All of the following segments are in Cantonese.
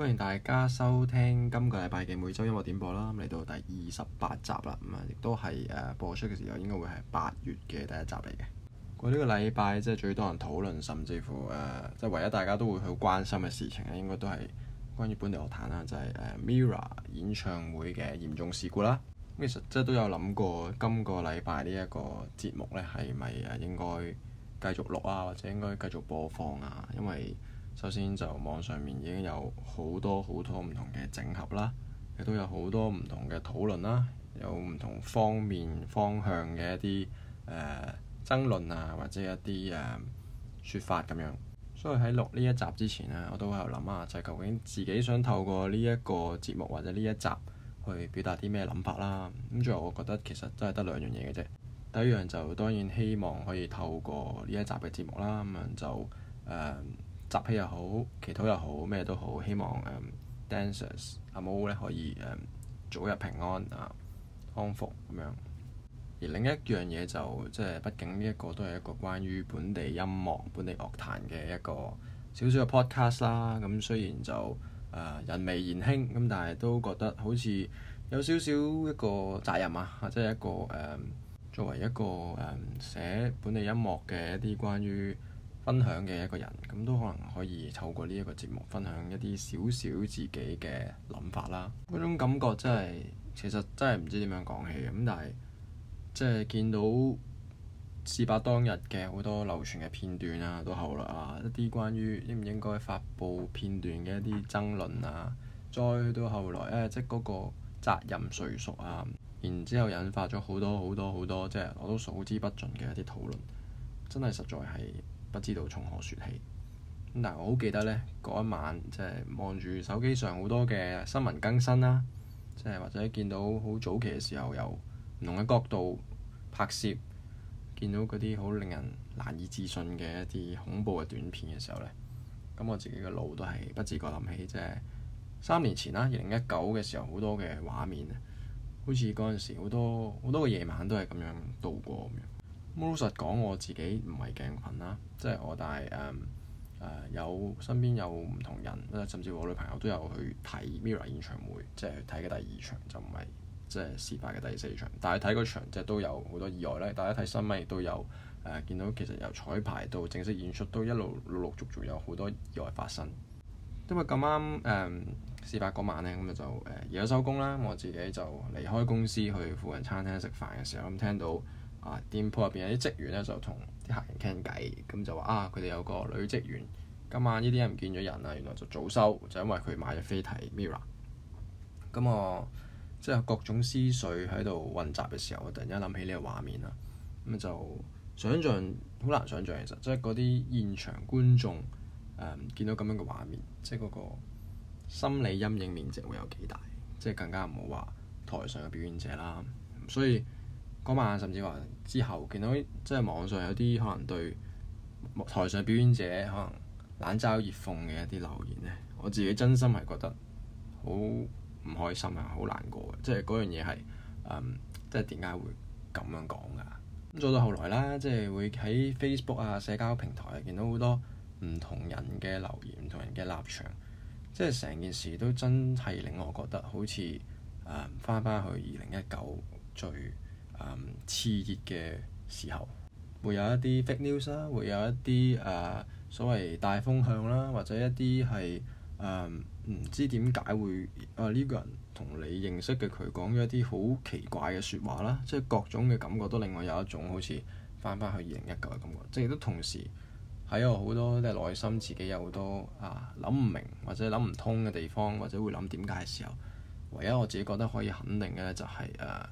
歡迎大家收聽今個禮拜嘅每周音樂點播啦，嚟到第二十八集啦，咁啊，亦都係誒播出嘅時候應該會係八月嘅第一集嚟嘅。嗰呢個禮拜即係最多人討論，甚至乎誒即係唯一大家都會好關心嘅事情咧，應該都係關於本地樂壇啦，就係 MIRROR 演唱會嘅嚴重事故啦。咁其實即係都有諗過，今個禮拜呢一個節目咧係咪誒應該繼續錄啊，或者應該繼續播放啊？因為首先就網上面已經有好多好多唔同嘅整合啦，亦都有好多唔同嘅討論啦，有唔同方面方向嘅一啲誒、呃、爭論啊，或者一啲誒、呃、說法咁樣。所以喺錄呢一集之前咧，我都喺度諗下，就係、是、究竟自己想透過呢一個節目或者呢一集去表達啲咩諗法啦。咁最後我覺得其實都係得兩樣嘢嘅啫。第一樣就當然希望可以透過呢一集嘅節目啦，咁樣就誒。呃集氣又好，祈禱又好，咩都好，希望誒、um, Dancers 阿 Mo 咧可以誒、um, 早日平安啊康復咁樣。而另一樣嘢就即係，畢竟呢一個都係一個關於本地音樂、本地樂壇嘅一個少少嘅 podcast 啦。咁雖然就誒、呃、人微言輕，咁但係都覺得好似有少少一個責任啊，即係一個誒、嗯、作為一個誒寫、嗯、本地音樂嘅一啲關於。分享嘅一個人咁都可能可以透過呢一個節目分享一啲少少自己嘅諗法啦。嗰種感覺真係，其實真係唔知點樣講起嘅咁，但係即係見到事發當日嘅好多流傳嘅片段啊，到後來啊一啲關於應唔應該發布片段嘅一啲爭論啊，再到後來咧，即係嗰個責任誰屬啊，然之後引發咗好多好多好多好多，即係我都數之不盡嘅一啲討論，真係實在係。不知道從何説起，但係我好記得呢嗰一晚，即係望住手機上好多嘅新聞更新啦，即係或者見到好早期嘅時候，有唔同嘅角度拍攝，見到嗰啲好令人難以置信嘅一啲恐怖嘅短片嘅時候呢。咁我自己嘅腦都係不自覺諗起，即係三年前啦，二零一九嘅時候好多嘅畫面，好似嗰陣時好多好多個夜晚都係咁樣度過咁樣。摸到實講，我自己唔係鏡群啦，即係我但係誒誒有身邊有唔同人，甚至我女朋友都有去睇 Mirror 演唱會。即係睇嘅第二場就唔係即係事發嘅第四場。但係睇嗰場即係都有好多意外咧。大家睇新聞亦都有誒、呃、見到，其實由彩排到正式演出都一路陸陸續續有好多意外發生。因為咁啱誒事發嗰晚咧，咁就誒、呃、夜咗收工啦，我自己就離開公司去附近餐廳食飯嘅時候，咁聽到。啊！店鋪入邊有啲職員咧，就同啲客人傾偈，咁就話啊，佢哋有個女職員今晚呢啲人唔見咗人啊，原來就早收，就因為佢買咗飛睇 Mirror。咁我即係、就是、各種思緒喺度混雜嘅時候，我突然間諗起呢個畫面啦。咁就想像好難想像，其實即係嗰啲現場觀眾誒、嗯、見到咁樣嘅畫面，即係嗰個心理陰影面積會有幾大，即、就、係、是、更加唔好話台上嘅表演者啦。所以晚，甚至話之後見到即係網上有啲可能對台上表演者可能冷嘲熱諷嘅一啲留言咧，我自己真心係覺得好唔開心啊，好難過嘅。即係嗰、嗯、樣嘢係即係點解會咁樣講噶？咁再到後來啦，即係會喺 Facebook 啊社交平台見到好多唔同人嘅留言，唔同人嘅立場，即係成件事都真係令我覺得好似誒翻返去二零一九最。嗯，熾熱嘅時候，會有一啲 fake news 啦，會有一啲誒、呃、所謂大風向啦，或者一啲係誒唔知點解會啊呢、呃這個人同你認識嘅佢講咗一啲好奇怪嘅説話啦，即係各種嘅感覺都令我有一種好似翻翻去二零一九嘅感覺，即係都同時喺我好多即係內心自己有好多啊諗唔明或者諗唔通嘅地方，或者會諗點解嘅時候，唯一我自己覺得可以肯定嘅就係、是、誒。啊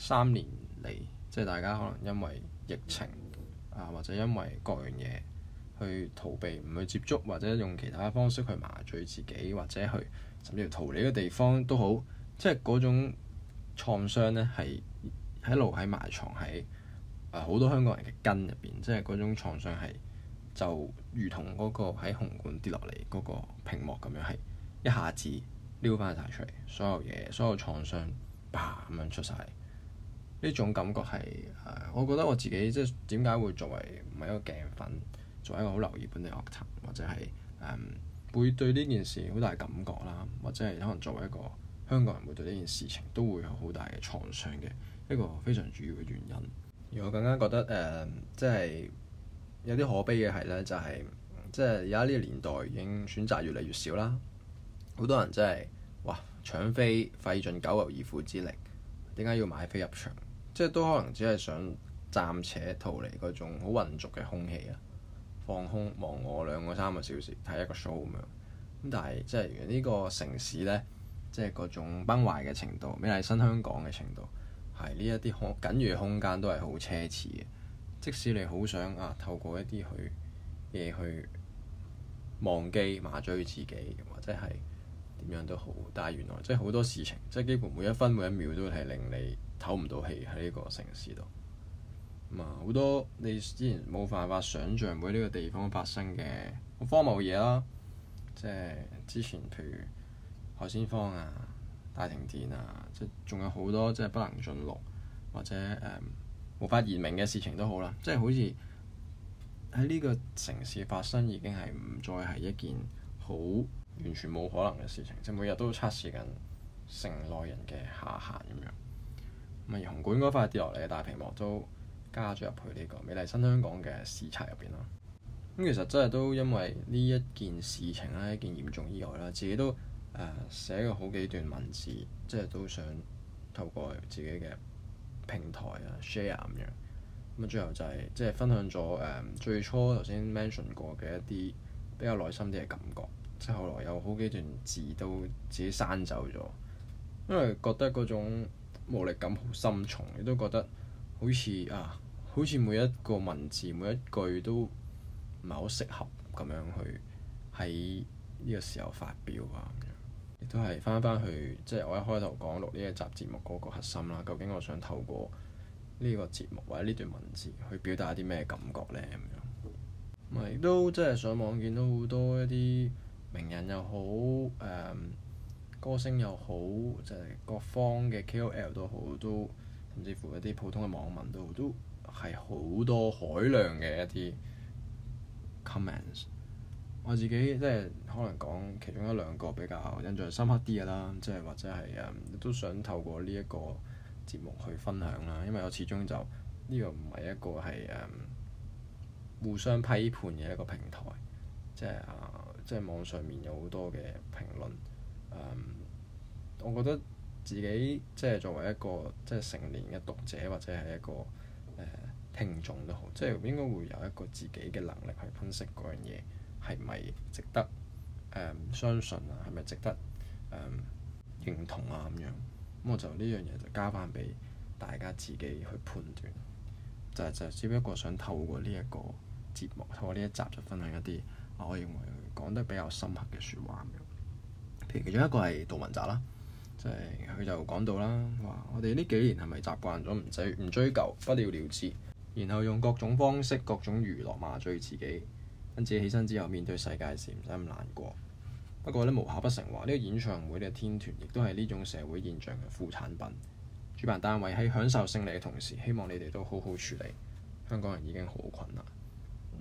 三年嚟，即係大家可能因為疫情啊，或者因為各樣嘢去逃避，唔去接觸，或者用其他方式去麻醉自己，或者去甚至逃離嘅地方都好，即係嗰種創傷咧，係一路喺埋藏喺誒好多香港人嘅根入邊，即係嗰種創傷，係就如同嗰個喺紅館跌落嚟嗰個屏幕咁樣，係一下子撩翻晒出嚟，所有嘢，所有創傷，叭咁樣出晒。呢種感覺係誒、呃，我覺得我自己即係點解會作為唔係一個鏡粉，作為一個好留意本地樂壇，或者係誒、呃、會對呢件事好大感覺啦，或者係可能作為一個香港人，會對呢件事情都會有好大嘅創傷嘅一個非常主要嘅原因。而我更加覺得誒、呃，即係有啲可悲嘅係咧，就係、是、即係而家呢個年代已經選擇越嚟越少啦，好多人真、就、係、是、哇搶飛，費盡九牛二虎之力，點解要買飛入場？即係都可能只係想暫且逃離嗰種好混濁嘅空氣啊，放空望我兩個三個小時睇一個 show 咁樣。咁但係即係呢個城市咧，即係嗰種崩壞嘅程度、美麗新香港嘅程度，係呢一啲空緊要嘅空間都係好奢侈嘅。即使你好想啊，透過一啲去嘢去忘記麻醉自己，或者係點樣都好，但係原來即係好多事情，即係幾乎每一分每一秒都係令你。唞唔到氣喺呢個城市度，啊、嗯、好多你之前冇辦法想像喺呢個地方發生嘅好荒謬嘢啦，即係之前譬如海鮮舫啊、大停電啊，即仲有好多即係不能盡錄或者誒、嗯、無法言明嘅事情都好啦，即係好似喺呢個城市發生已經係唔再係一件好完全冇可能嘅事情，即係每日都測試緊城內人嘅下限咁樣。咪紅館嗰塊跌落嚟嘅大屏幕都加咗入去呢個美麗新香港嘅視察入邊咯。咁其實真係都因為呢一件事情啦，一件嚴重意外啦，自己都誒、呃、寫咗好幾段文字，即係都想透過自己嘅平台啊 share 咁樣。咁啊，最後就係即係分享咗誒、呃、最初頭先 mention 過嘅一啲比較內心啲嘅感覺，即係後來有好幾段字都自己刪走咗，因為覺得嗰種。無力感好深重，你都覺得好似啊，好似每一個文字每一句都唔係好適合咁樣去喺呢個時候發表啊，亦都係翻返去，即係我一開頭講錄呢一集節目嗰個核心啦。究竟我想透過呢個節目或者呢段文字去表達啲咩感覺呢？咁樣、嗯，咪亦都即係上網見到好多一啲名人又好誒。嗯歌星又好，就係、係、各方嘅 K.O.L 都好，都甚至乎一啲普通嘅網民都好，都係好多海量嘅一啲 comments。我自己即係可能講其中一兩個比較印象深刻啲嘅啦，即係或者係誒、嗯、都想透過呢一個節目去分享啦，因為我始終就呢、呢個唔係一個係誒、嗯、互相批判嘅一個平台，即係啊、呃，即係網上面有好多嘅評論。Um, 我覺得自己即係作為一個即係成年嘅讀者，或者係一個誒、呃、聽眾都好，即係應該會有一個自己嘅能力去分析嗰樣嘢係咪值得、嗯、相信啊，係咪值得誒、嗯、認同啊咁樣。咁我就呢樣嘢就交返俾大家自己去判斷。就係、就、只不過想透過呢一個節目，透過呢一集，就分享一啲我認為講得比較深刻嘅説話。其中一個係杜汶澤啦，即係佢就講、是、到啦，話我哋呢幾年係咪習慣咗唔追唔追究，不了了之，然後用各種方式、各種娛樂麻醉自己，跟自己起身之後面對世界時唔使咁難過。不過咧無巧不成話，呢、這個演唱會呢個天團亦都係呢種社會現象嘅副產品。主辦單位喺享受勝利嘅同時，希望你哋都好好處理。香港人已經好困難。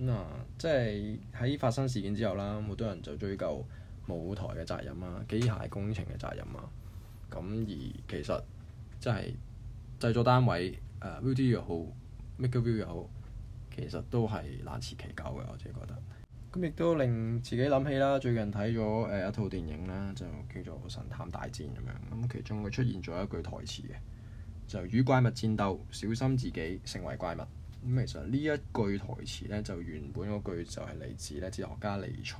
咁啊，即係喺發生事件之後啦，好多人就追究。舞台嘅責任啊，機械工程嘅責任啊，咁而其實即係製作單位誒，Viu 又好，MakerVille 又好，其實都係難辭其咎嘅，我自己覺得。咁亦都令自己諗起啦，最近睇咗誒一套電影啦，就叫做《神探大戰》咁樣。咁其中佢出現咗一句台詞嘅，就與怪物戰鬥，小心自己成為怪物。咁其實呢一句台詞咧，就原本嗰句就係嚟自咧哲學家尼采。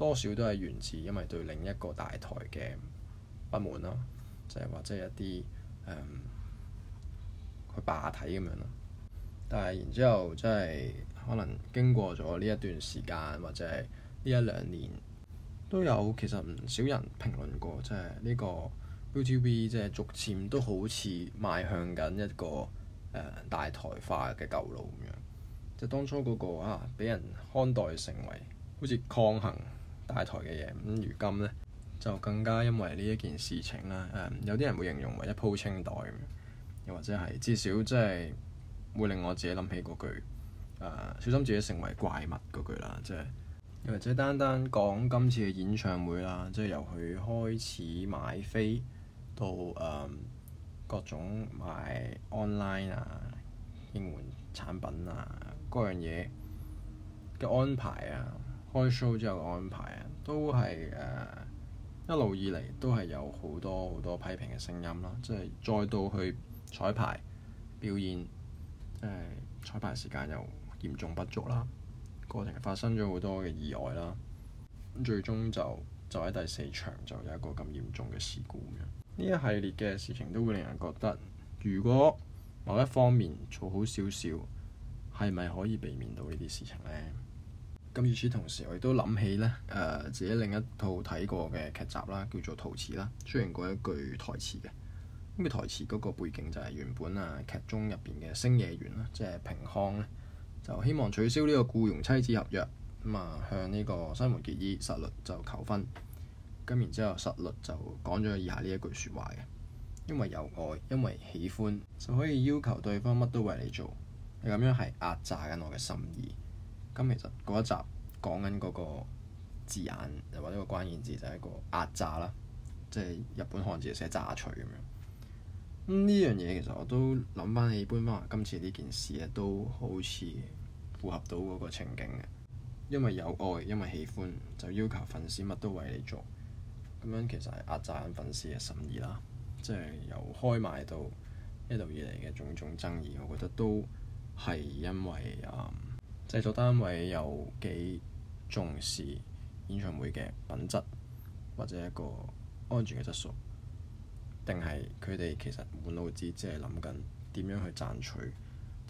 多少都係源自因為對另一個大台嘅不滿咯，即係或者一啲誒佢霸體咁樣咯。但係然之後即係可能經過咗呢一段時間或者係呢一兩年，都有其實唔少人評論過，即係呢個 ViuTV 即係逐漸都好似邁向緊一個誒大台化嘅舊路咁樣，即係當初嗰個啊俾人看待成為好似抗衡。大台嘅嘢咁，如今呢就更加因為呢一件事情啦，誒、呃、有啲人會形容為一鋪清袋，又或者係至少即係會令我自己諗起嗰句、呃、小心自己成為怪物嗰句啦，即係又或者單單講今次嘅演唱會啦，即係由佢開始買飛到、呃、各種買 online 啊應援產品啊嗰樣嘢嘅安排啊。開 show 之後嘅安排啊，都係誒、uh, 一路以嚟都係有好多好多批評嘅聲音啦。即係再到去彩排表演，即、呃、係彩排時間又嚴重不足啦。過程發生咗好多嘅意外啦，咁最終就就喺第四場就有一個咁嚴重嘅事故咁樣。呢一系列嘅事情都會令人覺得，如果某一方面做好少少，係咪可以避免到呢啲事情呢？咁與此同時我，我亦都諗起咧誒自己另一套睇過嘅劇集啦，叫做《陶瓷》啦，出現過一句台詞嘅。咁嘅台詞嗰個背景就係原本啊劇中入邊嘅星野源啦，即係平康咧，就希望取消呢個雇傭妻子合約，咁、嗯、啊向呢個新垣結衣實律就求婚。咁然之後，實律就講咗以下呢一句説話嘅，因為有愛，因為喜歡，就可以要求對方乜都為你做。你咁樣係壓榨緊我嘅心意。咁其實嗰一集講緊嗰個字眼，又或者個關鍵字就係、是、一個壓榨啦，即係日本漢字寫榨取咁樣。咁呢樣嘢其實我都諗翻起潘嘉良今次呢件事咧，都好似符合到嗰個情景嘅。因為有愛，因為喜歡，就要求粉絲乜都為你做。咁樣其實係壓榨緊粉絲嘅心意啦。即係由開賣到一路以嚟嘅種種爭議，我覺得都係因為誒。嗯製作單位有幾重視演唱會嘅品質，或者一個安全嘅質素，定係佢哋其實滿腦子只係諗緊點樣去賺取，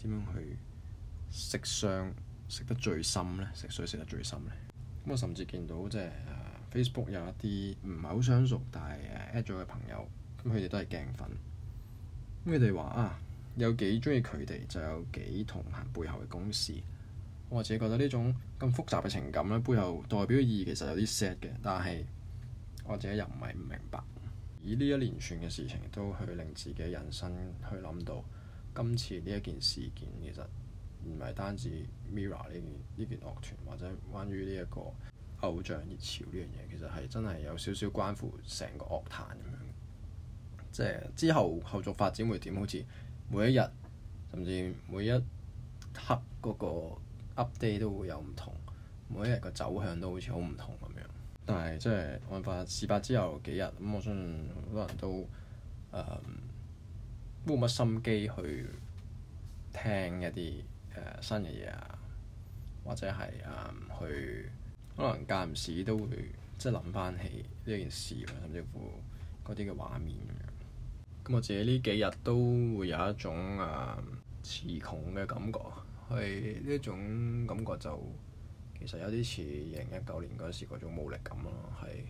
點樣去食相，食得最深咧？食水食得最深咧？咁我甚至見到即係誒 Facebook 有一啲唔係好相熟，但係誒 at 咗嘅朋友，咁佢哋都係鏡粉。咁佢哋話啊，有幾鍾意佢哋，就有幾同行背後嘅公司。我自己覺得呢種咁複雜嘅情感咧，背後代表意義其實有啲 sad 嘅，但係我自己又唔係唔明白。以呢一連串嘅事情都去令自己人生去諗到，今次呢一件事件其實唔係單止 Mirror 呢件呢件樂團，或者關於呢一個偶像熱潮呢樣嘢，其實係真係有少少關乎成個樂壇咁樣。即係之後後續發展會點？好似每一日甚至每一刻嗰個 update 都會有唔同，每一日嘅走向都好似好唔同咁樣。但係即係案發事發之後幾日，咁我相信好多人都冇乜、嗯、心機去聽一啲、呃、新嘅嘢啊，或者係誒、嗯、去可能間唔時都會即係諗翻起呢件事甚至乎嗰啲嘅畫面咁樣。咁我自己呢幾日都會有一種誒詞、呃、窮嘅感覺。係呢一種感覺就，就其實有啲似二零一九年嗰時嗰種無力感咯。係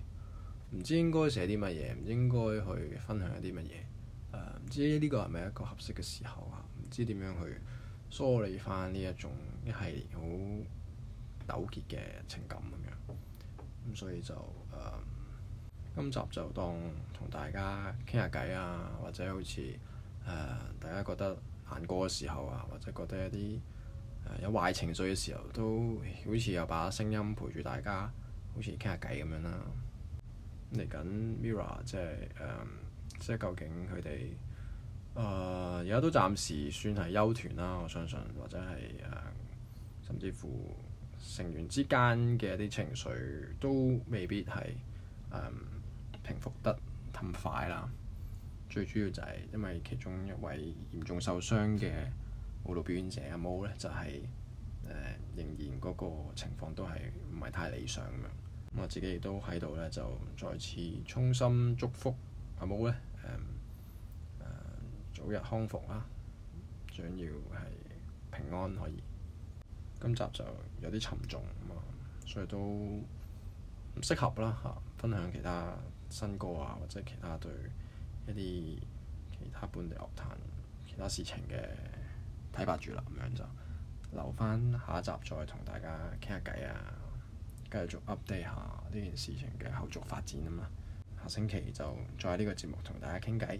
唔知應該寫啲乜嘢，唔應該去分享一啲乜嘢。呃、唔知呢個係咪一個合適嘅時候啊？唔知點樣去梳理翻呢一種一系列好糾結嘅情感咁樣咁、嗯，所以就、呃、今集就當同大家傾下偈啊，或者好似、呃、大家覺得難過嘅時候啊，或者覺得一啲。有壞情緒嘅時候，都好似有把聲音陪住大家，好似傾下偈咁樣啦。嚟緊 Mirror 即係誒，即係究竟佢哋誒而家都暫時算係休團啦。我相信或者係誒、嗯，甚至乎成員之間嘅一啲情緒都未必係誒、嗯、平復得咁快啦。最主要就係因為其中一位嚴重受傷嘅。舞蹈表演者阿 MO 咧，就係、是、誒、呃，仍然嗰個情況都係唔係太理想咁樣。我自己亦都喺度咧，就再次衷心祝福阿 MO 咧誒，早日康復啦、啊！最緊要係平安可以。今集就有啲沉重啊、嗯，所以都唔適合啦嚇、啊，分享其他新歌啊，或者其他對一啲其他本地樂壇其他事情嘅。睇白住啦，咁樣就留翻下，下一集再同大家傾下偈啊，繼續 update 下呢件事情嘅後續發展啊嘛，下星期就再喺呢個節目同大家傾偈。